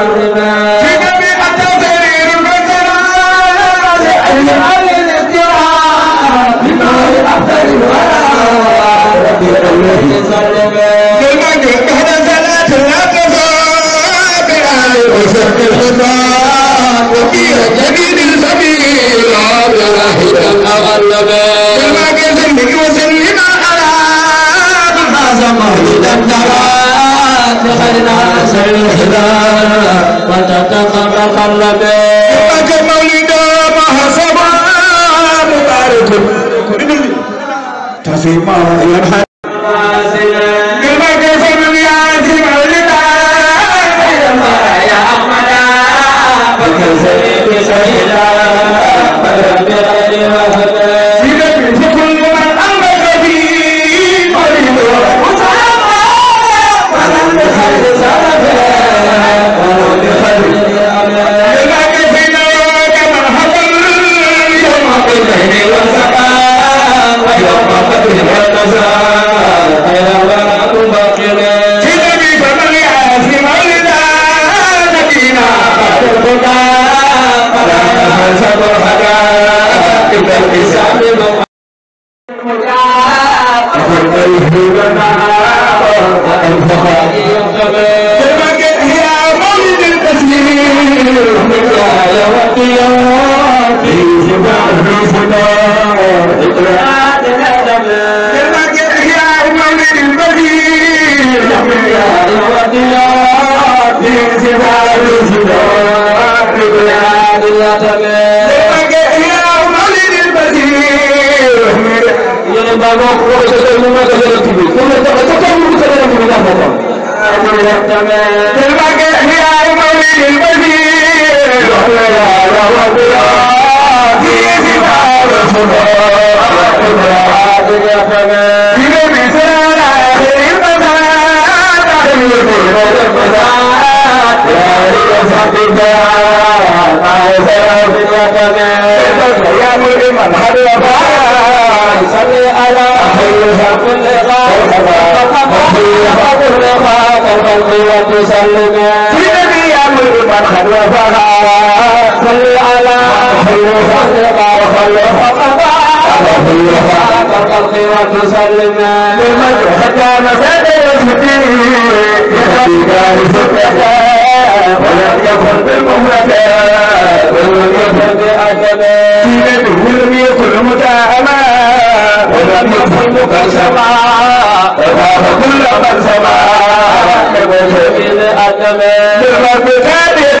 الربا وسلما لمن ختم سبيل يهديك لسكتا ولم يكن بالمهلكا ولم يكن بأدبا سيرته لم يكن متاهما ولم يكن مكسما وخاف كل من سما لوجه الأدبا بالرب ثابت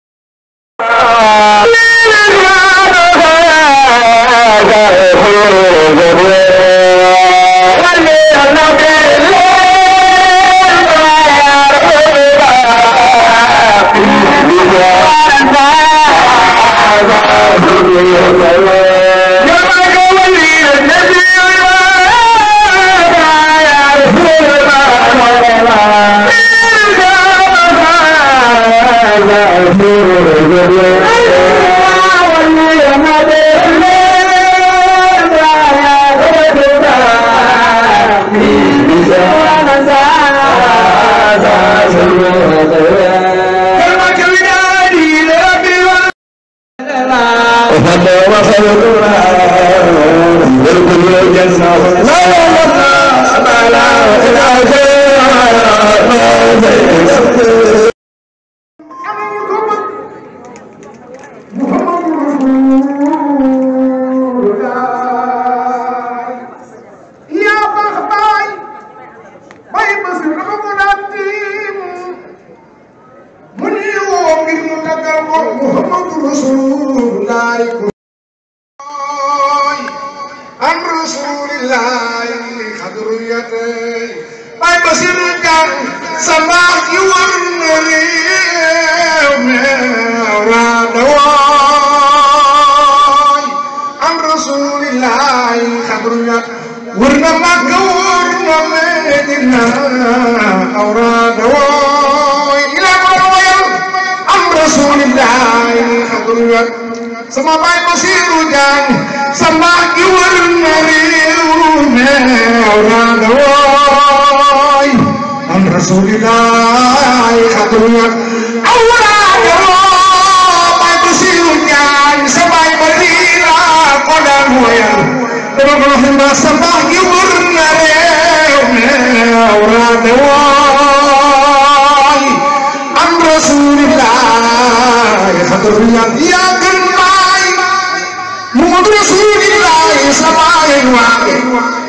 You're my girl. مغفور الجبير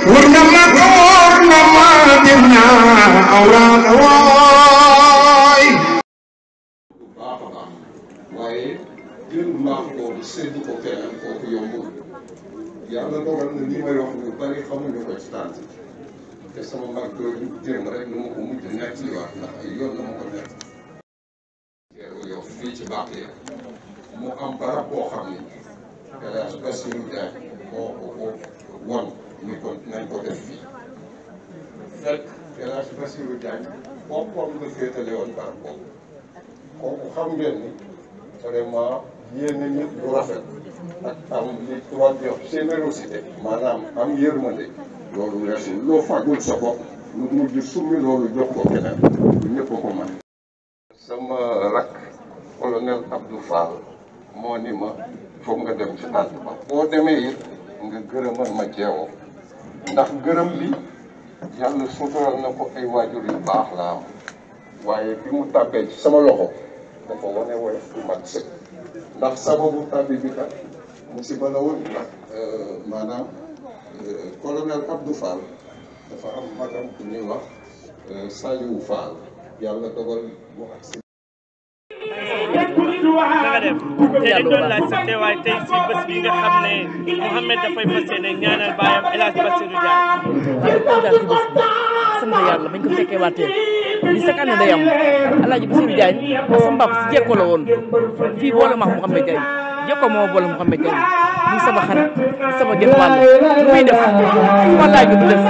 ورنما ورنما دمنا أوران واي waaye jël mbaax boobu sédd ko keneen kooku yombul yàlla dogal na li may wax ñu bari xamuñu ko ci tànn te sama mbag dooju jëm rek nu ma ko mujj nekk li wax ndax ay yoon na ma ko fii ci baax yi mu am barab boo xam ne Basiru Jaay moo ko ko won ñu ko nañ def fii fekk El Hadj Bassirou Diagne boppam la féetale woon barab boobu kooku xam ngeen ni vraiment yéen a lu rafet am li tubaab di wax générosité maanaam am yërmande loolu weesu loo fagul sa bopp mujj summi loolu jox ko keneen lu ñëpp ko mën sama rakk colonel Abdou Fall moo ni ma foog nga dem ci àll ba demee it nga gërëmal ma jeewoo ndax gërëm bi yàlla suturaal na ko ay waajur yu baax la am waaye bi mu tàbbee ci sama loxo dafa wane woyof bu mat sëkk ndax sababu tàbbi bi kat musiba la woon ndax euh, maanaam euh, colonel Abdou Fall dafa am magam bu ñuy wax euh, Saliou Fall yàlla dogal bu ak si nga def te dañ doon laaj sa teewaay tey si bés bi nga xam ne Mouhamed dafay fas yéene ñaanal baayam El Hadj Bassirou Diagne. jërëjëf kontaan si bés bi sant yàlla bañ ko fekkee waatee li chaque année day am El Hadj Bassirou Diagne sama mbaa si jekko la woon fii boole ma ak Mouhamed Diagne jekko moo boole Mouhamed Diagne muy sama xarit sama genn wàll lu muy def ma laaj du def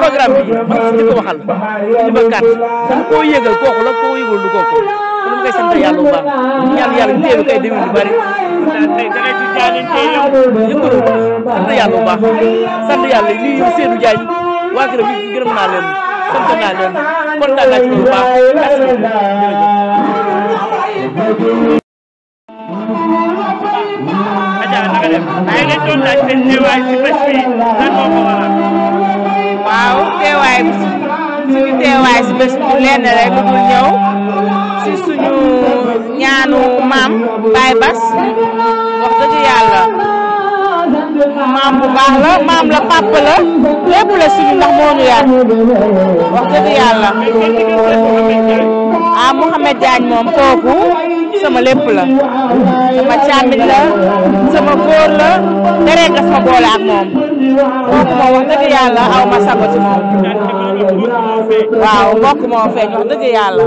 programme bi man si di ko waxal li ma gàtt koo yëgal kooku la koo yëgal du kooku. ngi koy sant yàlla bu baax ñaan yàlla téye bi kay demee lu bari. tey danañ ci jaayante yow. yëngal sant yàlla bu baax sant yàlla lii Seydou Diagne waa gërëm yi gërëm naa leen sant naa leen kontaan naa ci bu baax merci. Adja naka def ay nga doon laaj seen teewaay si bés bi lan moo ko waral. waaw teewaay bi suñu teewaay si bés bi lenn rek mu ñëw. ci suñu ñaanu maam Baye Bass wax dëgg yàlla maam bu baax la maam la papa la lépp la suñu ndax moo ñu yar wax dëgg yàlla ah Mouhamed Diagne moom kooku sama lépp la sama càmmit la sama góor la deret daf ma boole ak moom kooku moom wax dëgg yàlla aw ma sago ci moom waaw mbokk moo feeñ wax dëgg yàlla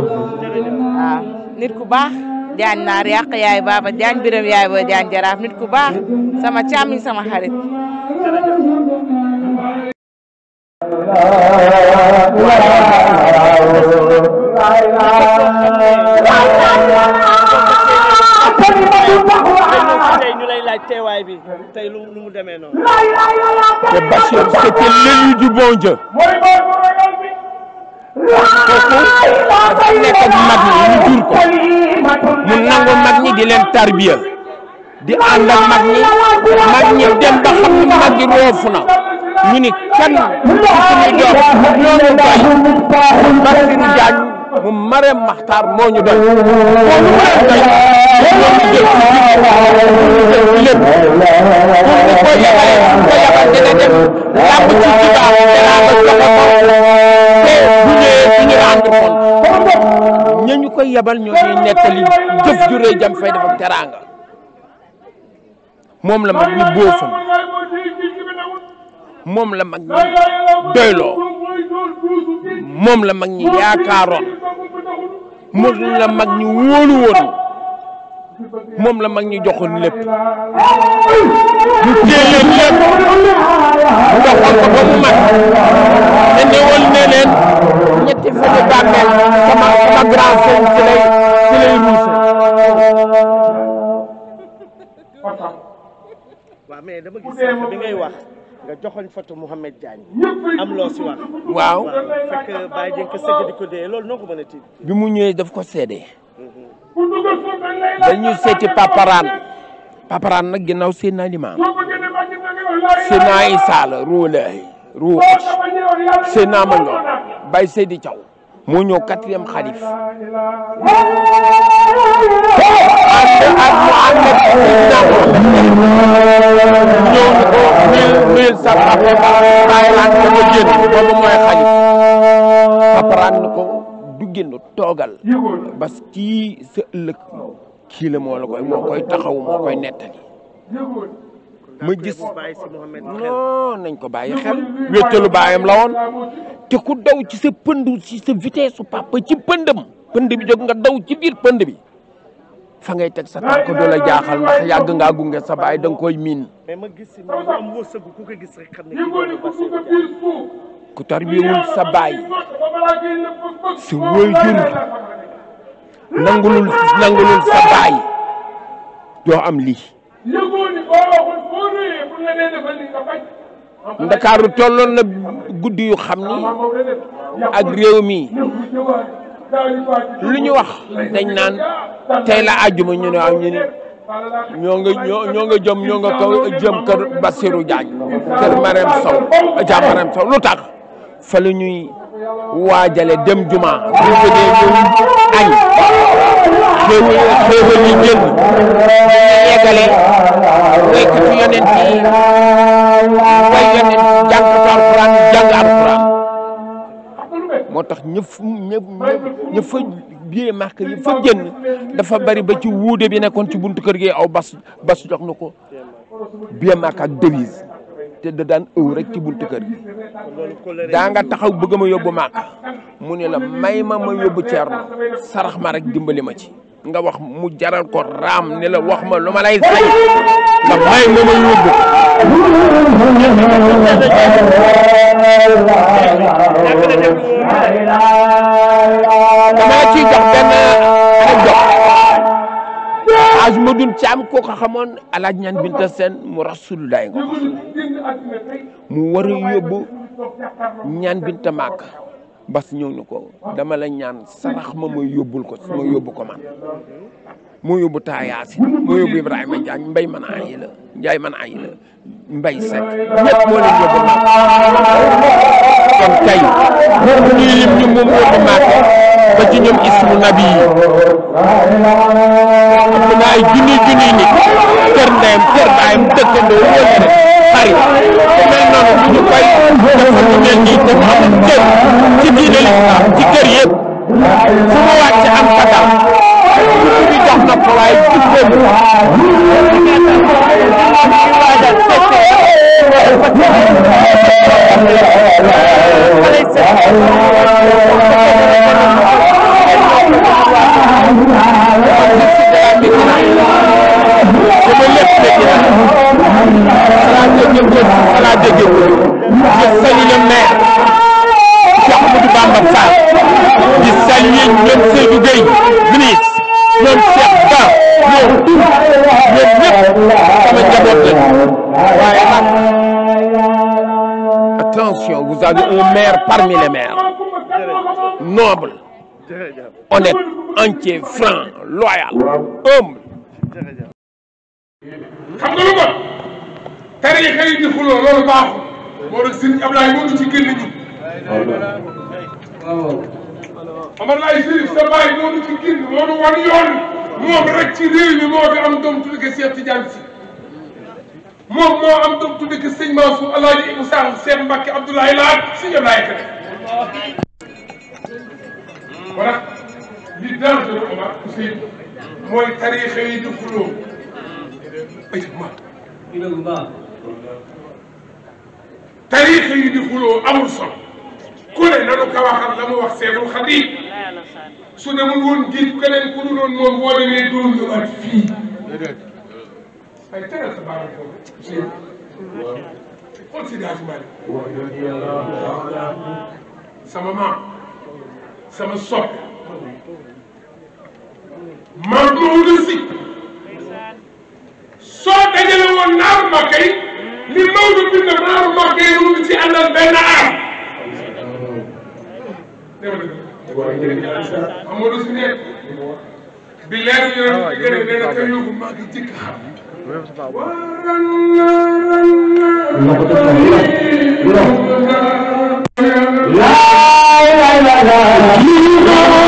nit ku baax jaañ naar yàq yaay baaba jaañ biram yaay booy jaañ jaraaf nit ku baax sama càmmiñ sama xarit teewaay bi tey lu mu demee noonu. te Bachir c'était l'élu du bon Dieu. dafa nekk ak mag ñi ñu jur ko mu nangu mag ñi di leen tarbiya di ànd ak mag ñi mag ñi dem ba xam ni mag ñi roofu na ñu ni kan suñu jox loolu doy Bassirou Diagne mu Marème Makhtar moo ñu doy moo ñu doy doy ñu jël ñu jël lépp pour ni ko yabal ko yabal dina dem làmb ci ci baax dinaa ko jox ko tàng xol kon ñu koy yebal ñoo ñuy nettali jëf ju jam fay def ak teraanga moom la mag ñi bóofam moom la mag ñi doyloo moom la mag ñi yaakaaroon moom la mag ñi wóolu moom la mag ñi joxoon lépp ñu téye ba mu mag te newal ne leen ñetti bàmmeel sama sama grand ci lay ci waaw mais dama gis sànq bi ngay wax nga joxoñ photo Mouhamed Diagne am loo si wax waaw fekk bàyyi jénk sëgg di ko dee loolu noo ko mën a tiit bi mu ñëwee daf ko seede dañu seeti paparaan paparaan nag ginnaaw seen naa limaam seen naa isaa la ruu laahi ruu seen naa ma ñoom bay Seydi Thiaw moo ñëw quatrième xalif ànd ak mu ànd ak ko mille mille cent après ko nga génn boobu mooy xalif paparaan na ko du génn toogal parce que kii sa ëllëg kii la moo la koy moo koy taxaw moo koy nettali ma gis non nañ ko bàyyi xel wéttalu baayam la woon te ku daw ci sa pëndu ci sa vitesse su papa ci pëndam pënd bi jóg nga daw ci biir pënd bi fa ngay teg sa tànk du la jaaxal ndax yàgg ngaa gunge sa baay da koy miin ku tarbiyewul sa baay sa waajur nangulul nangulul sa baay doo am lii ndakaaru tolloon na guddi yu xam ni ak réew mi lu ñu wax dañ naan tey la àjjuma ñu ne am ñu ni ñoo nga ñoo nga jëm ñoo nga kaw jëm kër Bassirou Diagne kër Marème Sow lu tax fa ñuy waajale dem juma bu ñu bëggee ñëw añ xéewal xéewal yi génn ñu yeggale béykatu yonent yi bay yonent jàngatu alquran jàng moo tax ñëpp ñëpp ñëpp fa biyee màkk dafa bari ba ci wuude bi nekkoon ci bunt kër gi aw bas jox na ko biyee màkk ak te da daan ëw rek ci buntu kër ma yóbbu màkk mu ne la may ma ma yóbbu ceerno sarax ma rek dimbali ma ci nga wax mu jaral ko raam ne la wax ma lu ma may ma ma yóbbu damaa ciy jox benn anecdote alaaji Madoun Thiam koo ko xamoon alaaji ñaan binta seen mu rasululaay nga mu war a yóbbu ñaan binta màkk bas ñëw ko dama la ñaan sarax ma mooy yóbbul ko ma yóbbu ko man moo yóbbu Taayaasi moo yóbbu Ibrahima mbay man ayi la man ayi mbay Seck ñëpp moo leen yóbbu màkk kon tey bu ñuy lim ñu yóbbu màkk ba ismu nabi yi am na ay junniy junniy nit kër ndeyam kër baayam dëkkandoo wëlëre xarit ku mel noonu lu ñu koy dafa ñu mel nii ci diine lislaam ci kër yëpp fu mu wàcc am fata entier franc loyal humble. xam nga lu bon tariixa yi di xuloo loolu baaxul moo tax Serigne Ablaye moo ci génn ñun. waaw. Amar Laye Serif sa baay moo ci génn moo nu wan yoon moom rek ci réew mi moo fi am doom tudd ko Cheikh Tidiane Sy moom moo am doom tudd ko sëñ Mansour El Hadj Ibou Sarr Cheikh Mbacke Abdoulaye Laat sëñ Ablaye Kane. li daal dana ko wax aussi mooy tariixa yi di xuloo aywa. ilalla. tariixa yi di xuloo amul ku ne nanu ko waxal la mu wax Seexul Xadiim su demul woon gis keneen ku dul woon moom boo demee doon ñëwaat fii. sama maam sama sopp maam Maodo si soo dajale woon naaru Màkka yi li Maodo bind naaru Màkka yi mu ngi ci àndal benn aar. Maodo si nekk bi leer yi yor si gën a gën a yóbbu maa ngi jëkk xam. لا إله إلا الله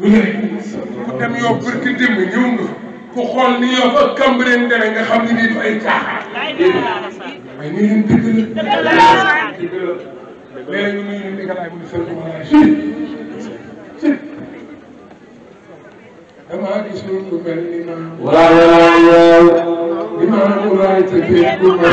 bu ñëwee ku dem yow barki démb ñëw nga ku xool ni yow ak Cambérène demee nga xam ne nii du ay caaxaan. waaye ñu leen dëgg la. dëgg la léeg-léeg ñu nuyu ñu Icalaay bu ñu sëñ bi maanaam si si. damaa gis lu mel ni ma. waaw waaw. li ma la ko laaj te tey ku ma.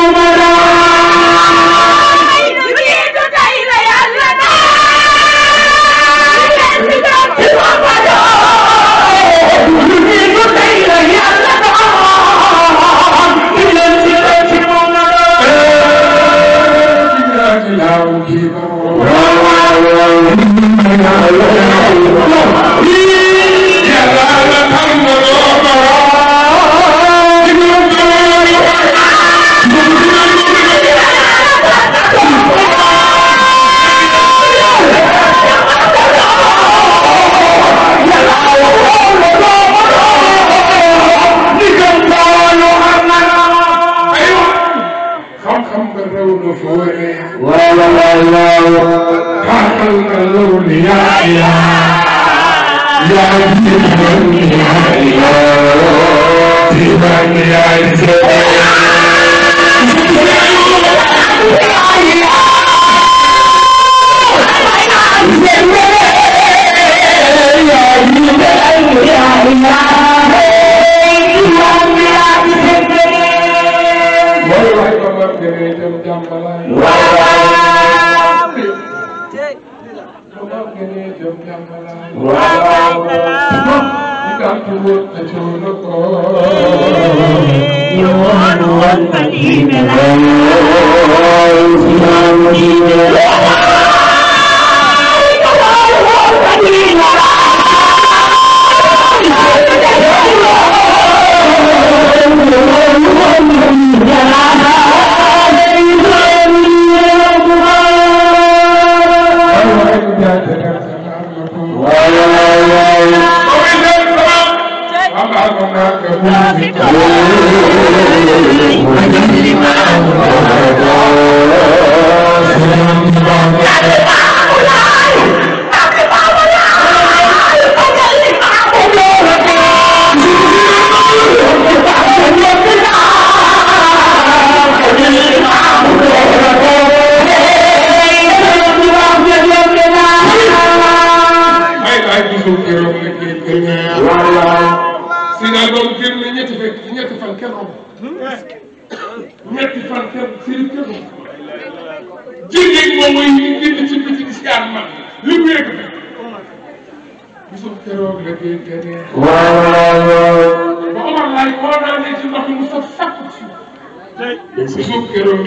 الدنيا بمن يعرفه يوهن والمدينة لا يوهن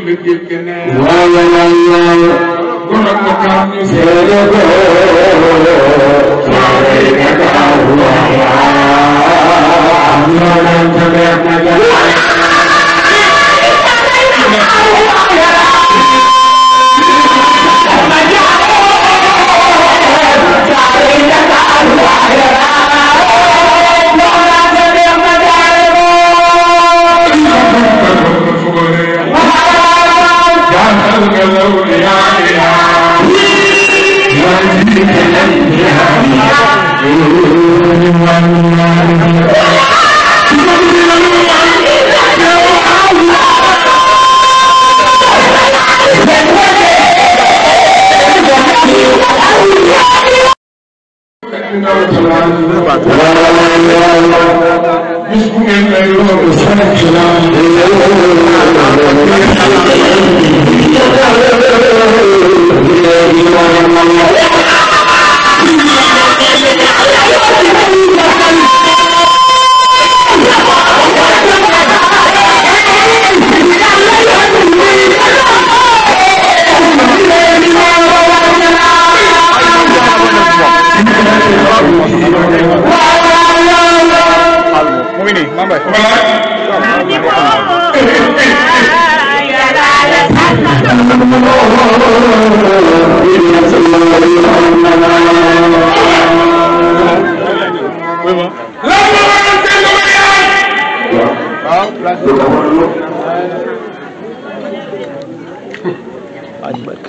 la dégg ne. waaw waaw waaw.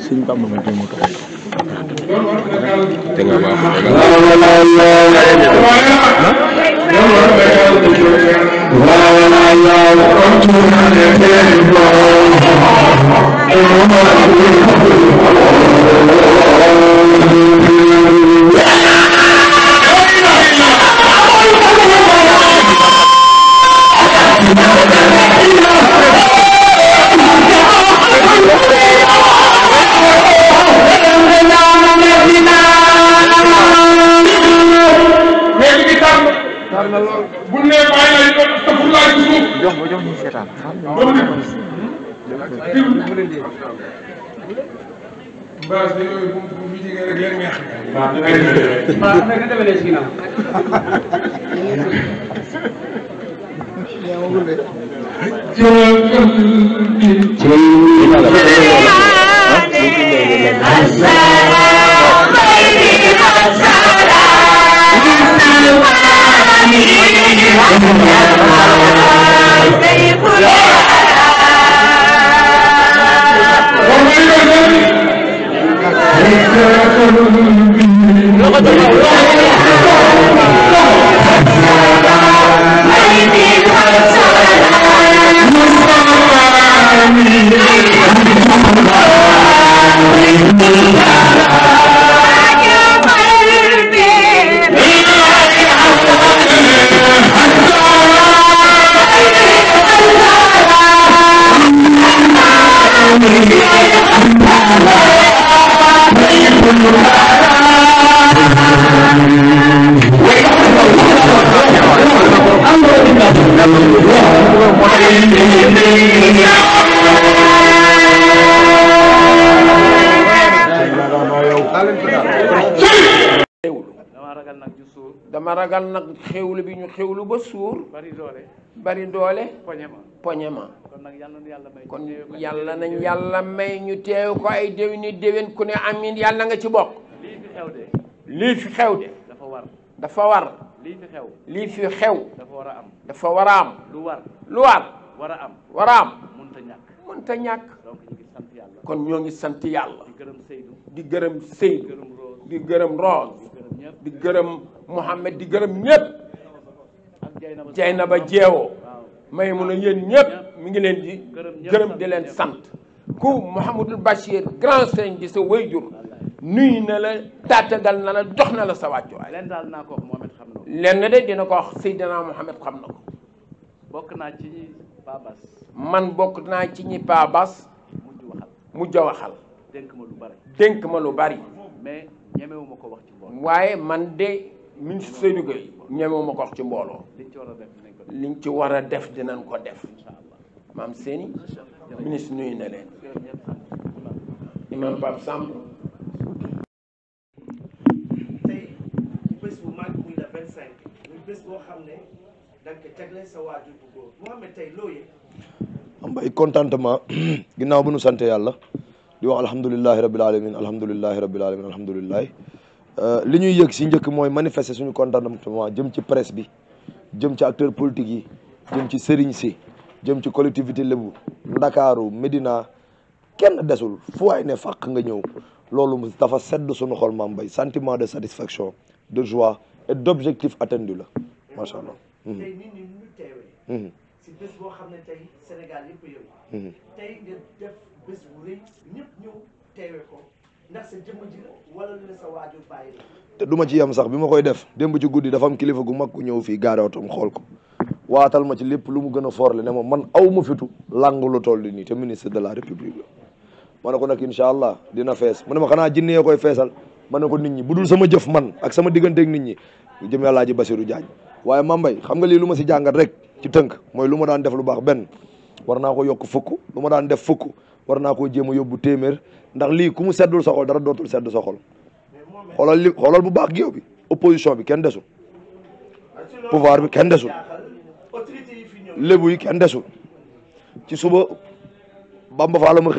suñ bàmba ma jéem a toog. te nga baax te nga baax. waaw ba suur. bari doole bari doole. poñe ma ma. kon nag yàlla yàlla may. kon yàlla nañ yàlla may ñu teew ko ay déwéni déwén ku ne am amiin yàlla nga ci bokk. lii fi xew de. lii fi xew de. dafa war dafa lii fi xew lii fi xew. dafa war a am dafa war a am. lu war lu war. a am war am. mënta ñàkk mënta ñàkk. sant yàlla. kon ñoo ngi sant yàlla. di gërëm Seydou. di gërëm Rose. di gërëm Mohamed di gërëm ñëpp. jay na ba jeewoo may mun a yéen ñëpp mi ngi leen di gërëm di leen sant ku Mouhamadul Bachir grand sëñ di sa wayjur nuyu na la tàttagal na la dox na la sa wàccuwaay lenn de dina ko wax Seydina Mohamed xam na ko bokk naa ci ñi man bokk naa ci ñi paabas mujj waxal dénk ma lu bari dénk ma lu bari waaye man de ministre Seydou Gueye ñemewuma ko ci mbooloo liñ ci war a def dinañ ko def maam seeni ministre nuyu na leen imam Pape Samb tey bés bu mag ne danga ko tegle sa waajur bu góor Mohamed ginnaaw bu nu sante yàlla di wax alhamdulilahi rabil alamin alhamdulilahi rabil alamin Euh, li ñuy yëg si njëkk mooy manifester suñu contentement jëm ci presse bi jëm ci acteur politique yi jëm ci sëriñ si jëm ci collectivité lébu ndakaaru médina kenn desul fu waay ne fàq nga ñëw loolu dafa sedd suñu xol maam bay sentiment de satisfaction de joie et d' objectif attendu la macha allah si ndax sa jëmm te du ma ci yem sax bi ma koy def démb ci guddi dafa am kilifa gu mag ku ñëw fii gaare otoom xool ko waatal ma ci lépp lu mu gën a forle ne moom man aw ma fitu làngu lu toll nii te ministre de la république la ma ko nag incha allah dina fees mu ne ma xanaa jinne koy feesal ma ne ko nit ñi bu dul sama jëf man ak sama digganteeg nit ñi jëm Alaaji Basiru Jaañ waaye Mambay xam nga lii lu ma si jàngat rek ci tënk mooy lu ma daan def lu baax benn war naa ko yokk fukk lu ma daan def fukk war naa koo jéem a yóbbu téeméer ndax lii ku mu seddul sa dara dootul sedd sa xol bu baax géew bi opposition bi kenn desul pouvoir bi kenn desul lébu yi kenn desul ci suba Bamba Fall ma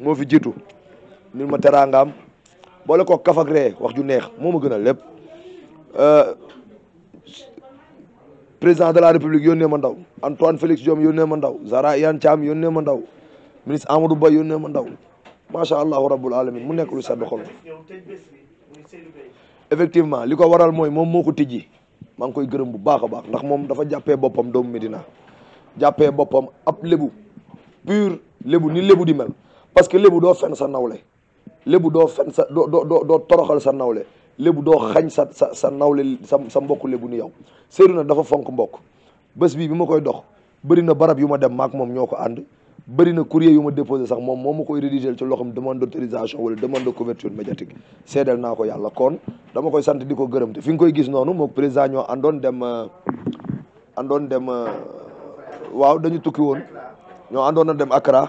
moo fi jiitu nil ma teraangaam boole ko kaf ree wax ju neex moom ma gën a lépp euh, président de la république yónnee ma ndaw Antoine Félix Diome yónnee ma ndaw Zahra Iyane Thiam yónnee ma ndaw ministre Amadou Ba yónnee ma ndaw macha allahu rabbul alamin mu nekk lu sedd xol effectivement li ko waral mooy moom moo ko tijji maa ngi koy gërëm bu baax a baax ndax moom dafa jàppee boppam doomu Medina jàppee boppam ab lébu pur lébu ni lébu di mel parce que lébu doo fen sa nawle lébu doo fen sa doo doo toroxal sa nawle lébu doo xañ sa sa sa nawle sa sa mbokk lébu ni yow Seydou na dafa fonk mbokk bés bi bi ma koy dox bëri na barab yu ma dem maak moom ñoo ko ànd bari na courrier yu ma déposé sax moom moo ma koy rédigé ci loxam demande d' autorisation demando demande de couverture médiatique seedeel naa ko yàlla koon dama koy sant di ko gërëm te fi nga koy gis noonu moom président ñoo àndoon dem euh, àndoon dem euh, waaw dañu tukki woon ñoo àndoon na dem Accra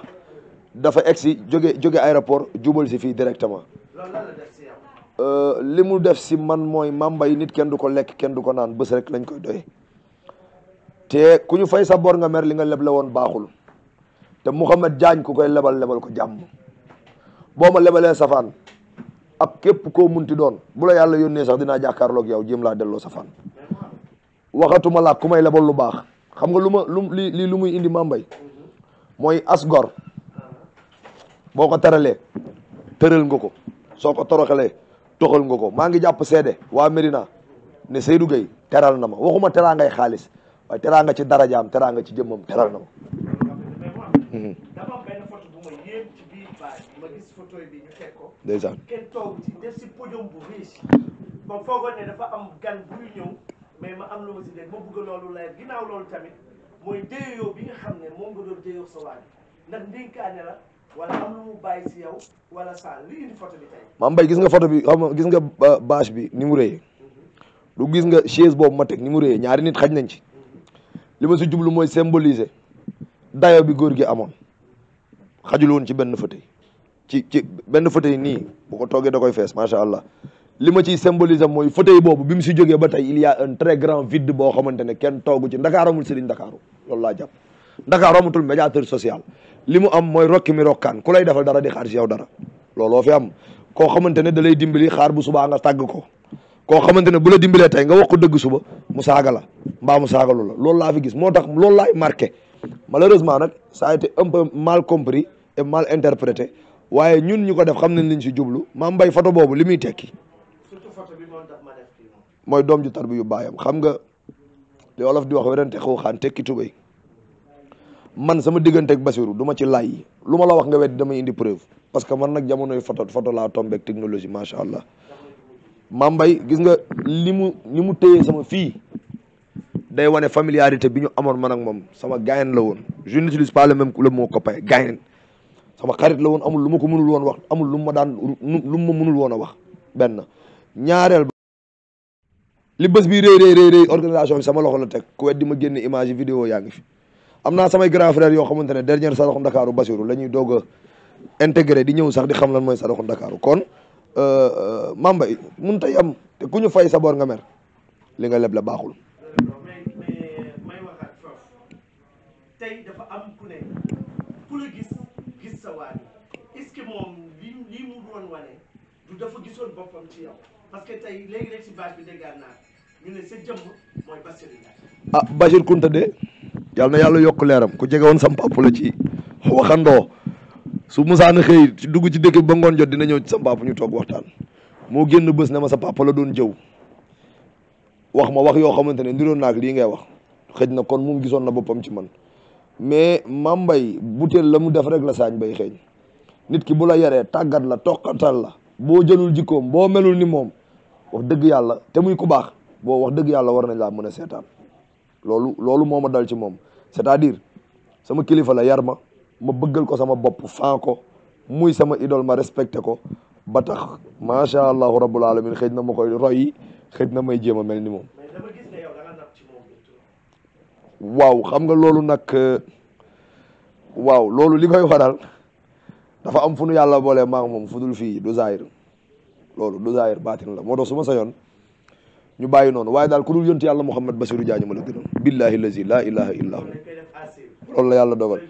dafa egg si jóge jóge aéroport jubal si fii directement euh, li mu def si man mooy mamba yi nit kenn du ko lekk kenn du ko naan bés rek lañ koy doy te ku ñu fay sa bor nga mer li nga leble woon baaxul te Mouhamed jaañ ko koy lebal lebal ko jàmm boo ma lebalee safaan ak képp koo munti doon bu la yàlla yónnee sax dinaa jàkkaarloog yow jéem laa delloo safaan waxatuma laa ku may lebal lu baax xam nga lu ma lu li lii lu muy indi mambay mooy asgor boo ko teralee tëral nga ko soo ko toroxalee toxal nga ko maa ngi jàpp seede waa Medina ne Seydou Gueye teral na ma waxuma teraa ngay xaalis waaye teraa nga ci darajaam teraa nga ci jëmmam teral na ma Mhm. dama am benn photo bu ma yéem ci biir ma gis photo bi ñu teg ko. dèjà kenn toog ci si podium bu ba foogoon ne dafa am gan buy ñëw mais ma am lu si dégg ma bëgg loolu leer ginnaaw loolu tamit mooy déyoo bi nga xam ne moom nga doon déyoo sa waay ndax ndénkaane la wala am lu mu bàyyi si yow wala saa li indi bi tey. maam Mbaye gis nga photo bi xam nga gis nga bâche bi ni mu rëyee mhm. lu gis nga chaise boobu ma teg ni mu rëyee ñaari nit xaj nañ ci mhm. li ma si jublu mooy symboliser. dayo bi góor gi amoon xajul woon ci benn fauteuil ci ci benn fauteuil nii bu ko toogee da koy fees macha allah li ma ciy symboliser mooy fauteuil boobu bi mu si jógee ba tey il y a un très grand vide boo xamante ne kenn toogu ci Ndakaar amul Serigne Ndakaaru loolu laa jàpp Ndakaar amatul médiateur social li mu am mooy rokki mi rokkaan ku lay defal dara di xaar ci yow dara looloo fi am koo xamante da lay dimbali xaar bu subaa nga tàgg ko koo xamante ne bu la dimbalee tey nga wax ko dëgg suba mu saaga la mbaa mu saagalu la loolu laa fi gis moo tax loolu laay marqué malheureusement nag ça a été mal compris et mal interprété waaye ñun ñu ko def xam nañ liñ si jublu maam mbay photo boobu li muy tekki mooy doom ju tar bi yu baayam xam nga li di wax werante xaw xaan tekki tubéy man sama diggante ak Basiru du ma ci laay lu ma la wax nga weddi dama indi preuve parce que man nag jamonoy photo photo laa tombé ak technologie macha allah maam mbay gis nga li mu li mu téye sama fii day wane familiarité bi ñu amoon man ak moom sama gaayen la woon je n'utilise pas le même le mot copain gaayen sama xarit la woon amul lu ma ko mënul woon wax amul lu ma daan lu ma mënul woon wax benn ñaareel ba li bés bi réy réy réy organisation sama loxo la teg ku wet di ma génne image vidéo yaa ngi fi am naa samay grand frère yoo xamante ne dernière saraxu ndakaaru Basiru la ñuy doog a di ñëw sax di xam lan mooy saraxu ndakaaru kon euh, euh, mamba mun tey am te ku ñu fay sa bor nga li nga leb la baaxul tey dafa am gisoon sa jëmm mooy Bassirou ah, de yàlla na yàlla yokk leeram ku jege woon sam pàpp la ci waxandoo su musaana xëy ci dugg ci dëkk ba ngoon jot dina ñëw ci sam pàpp ñu toog waxtaan moo génn bés ne ma sa papa la doon jëw wax ma wax yoo xamante ne ndiroon naag lii ngay wax xëj na kon mu gisoon na boppam ci man mais mam mbay butéel la mu def rek la saañ bay xeeñ nit ki bu la yaree tàggat la toqatal la boo jëlul jikkoom boo melul ni moom wax dëgg yàlla te muy ku baax boo wax dëgg yàlla war nañ laa mën a seetaan loolu loolu moo ma dal ci moom c'est-à-dire sama kilifa la yar ma ma bëggal ko sama bopp fan ko muy sama idole ma respecté ko ba tax macha allahu rabbul alamin xëj na ma koy roy xëj na may jéem a mel ni moom waaw xam nga loolu nag euh, waaw loolu li koy daal dafa am fu nu yàlla boole maa moom fu dul fii du zahir loolu du zahir baatin la moo tax suma ma ñu bàyyi noonu waaye daal ku dul yontu yàlla Muhammad Basiru Jaañ ma la gënal billahi lazi laa ilaha illa hu la yàlla dogal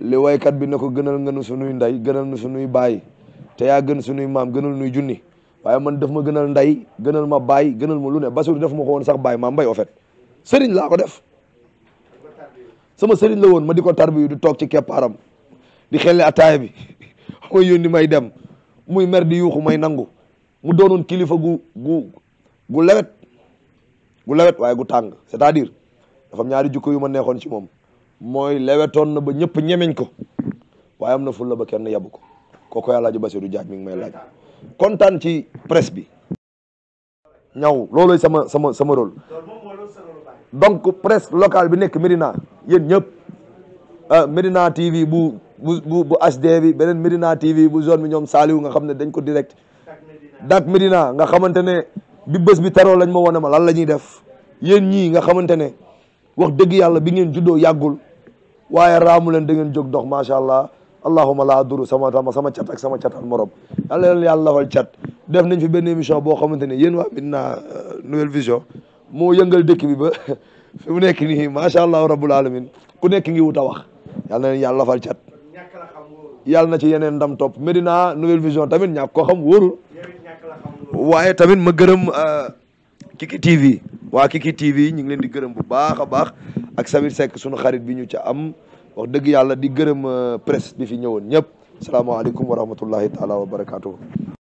li waykat bi ne ko gënal nga nu sunuy ndey gënal nu sunuy baay te yaa gën sunuy maam gënal nuy junni waaye man daf ma gënal ndey gënal ma baay gënal ma lu ne Basiru def ma ko woon sak baay maam mbay en fait sëriñ laa ko def sama sëriñ la woon ma di ko yu di toog ci keppaaram di xelli ataaya bi mooy yónni may dem muy mer di yuuxu may nangu mu doonoon kilifa gu gu gu lewet gu lewet waaye gu tàng c'est-à-dire dafa ñaari jukko yu ma neexoon ci moom mooy lewetoon na ba ñëpp ñemeñ ko waaye am na fulla ba kenn yabu ko kooku yàlla ji Basiru Jaaj mi ngi may laaj kontaan ci presse bi ñaw looloy sama sama sama rôle donc presse local bi nekk Médina yéen ñëpp euh, Médina TV bu bu bu bu HD bi beneen Médina TV bu zone bi ñoom Saliou nga xam ne dañ ko direct Dak Médina nga xamante ne bi bés bi taroo lañ ma wane ma lan la ñuy def yéen ñi nga xamante ne wax dëgg yàlla bi ngeen juddoo yàggul waaye raamu leen da ngeen jóg dox macha allah allahuma laa duru sama tama sama cat ak sama catal morom yàlla leen yàlla lafal cat def nañ fi benn émission boo xamante ne yéen waa Médina euh, Nouvelle Vision moo yëngal dëkk bi ba fi mu nekk nii macha allah rabbul alamin ku nekk ngi wut a wax yàlla na leen yàlla cat yàlla na ci yeneen ndam top Medina Nouvelle Vision tamit ñàkk koo xam wóorul waaye tamit ma gërëm euh, Kiki TV waa Kiki TV ñu ngi leen di gërëm bu baax a baax ak Samir sekk sunu xarit bi ñu ca am wax dëgg yàlla di gërëm euh, presse bi fi ñëwoon ñëpp salaamaaleykum wa rahmatullahi taala wa barakaatu.